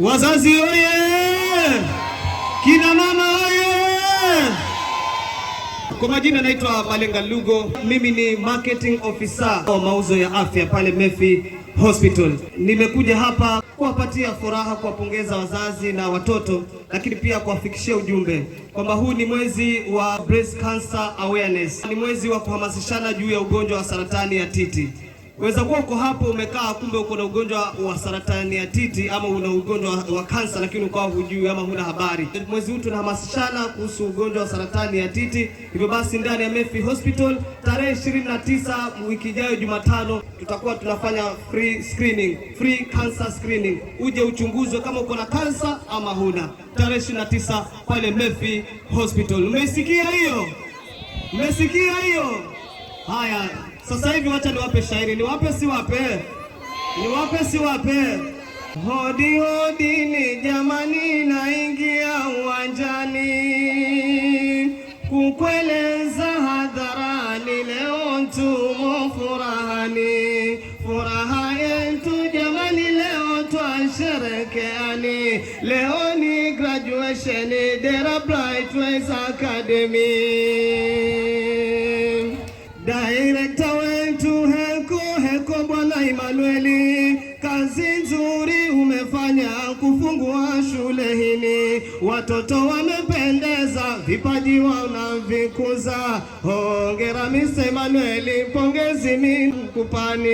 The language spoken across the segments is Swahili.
Wazazi oye! Kina mama oye! Kwa majina naitwa Malenga Lugo, mimi ni marketing officer wa mauzo ya afya pale Mephi Hospital. Nimekuja hapa kuwapatia furaha, kuwapongeza wazazi na watoto, lakini pia kuwafikishia ujumbe kwamba huu ni mwezi wa breast cancer awareness, ni mwezi wa kuhamasishana juu ya ugonjwa wa saratani ya titi. Weza kuwa uko hapo umekaa, kumbe uko na ugonjwa wa saratani ya titi ama una ugonjwa wa kansa, lakini ukawa hujui ama huna habari. Mwezi huu tunahamasishana kuhusu ugonjwa wa saratani ya titi, hivyo basi ndani ya Mephi Hospital tarehe 29 wiki ijayo Jumatano tutakuwa tunafanya free screening, free cancer screening. Uje uchunguzwe kama uko na kansa ama huna, tarehe 29 pale Mephi Hospital. Umesikia hiyo? Umesikia hiyo? Haya. Sasa hivi wacha niwape shairi, niwape siwape, niwape siwape. Hodi hodi ni jamani, naingia uwanjani kukueleza hadharani, leo tumo furahani, furaha yetu jamani, leo twasherekeani, leo ni graduation Dera Bright Academy. Director wetu heko heko, Bwana Imanueli, kazi nzuri umefanya kufungua shule hili. Watoto wamependeza, vipaji wanavikuza. Hongera Mr. Imanueli, pongezi minkupani.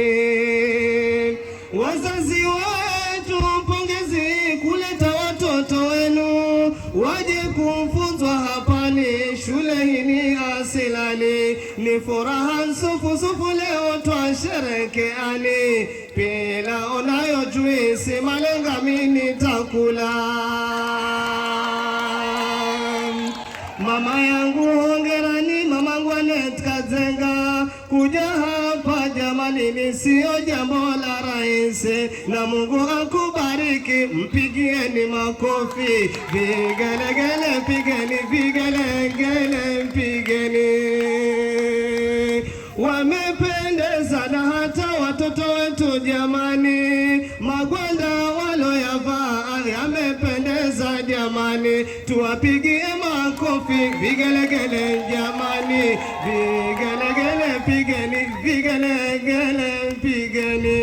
Wazazi wetu, pongezi kuleta watoto wenu waje kufunzwa hapani shule hili silali ni furaha nsufusufu, leo twasherehe ali pila onayo juisi malenga mini takula. Mama yangu hongera kuja hapa jamani, ni sio jambo la rahisi, na Mungu akubariki, mpigieni makofi, vigelegele, pigeni vigelegele, mpigeni. Wamependeza na hata watoto wetu jamani, magwanda waloyavaa yamependeza jamani, tuwapigie makofi, vigelegele jamani, vigelegele pigeni, pigeni, pigeni,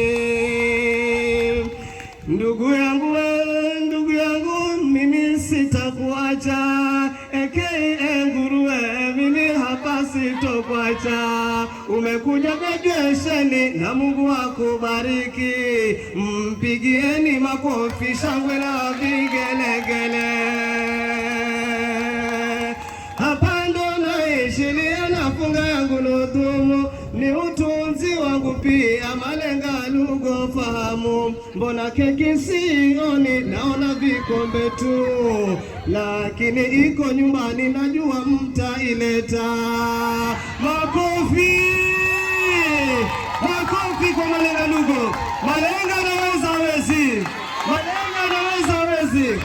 Ndugu yangu wewe, ndugu yangu mimi sitakuacha, ekei enguruwe mimi hapa sitokuacha. Umekuja graduesheni na Mungu akubariki, mpigieni makofi, shangwe na vigelegele. Hapa ndo naishi nafunga yangu ni utunzi wangu pia, malenga lugo fahamu, mbona keki sioni, naona vikombe tu, lakini iko nyumbani, najua mtaileta. Makofi, makofi kwa malenga lugo. Malenga naweza wezi Malenga naweza wezi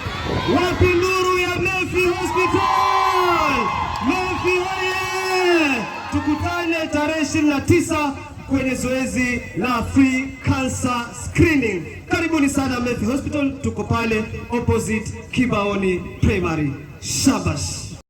Wapi nuru ya blefi Hospital? tarehe 29 kwenye zoezi la free cancer screening. Karibuni sana Methi Hospital, tuko pale opposite Kibaoni Primary. Shabash.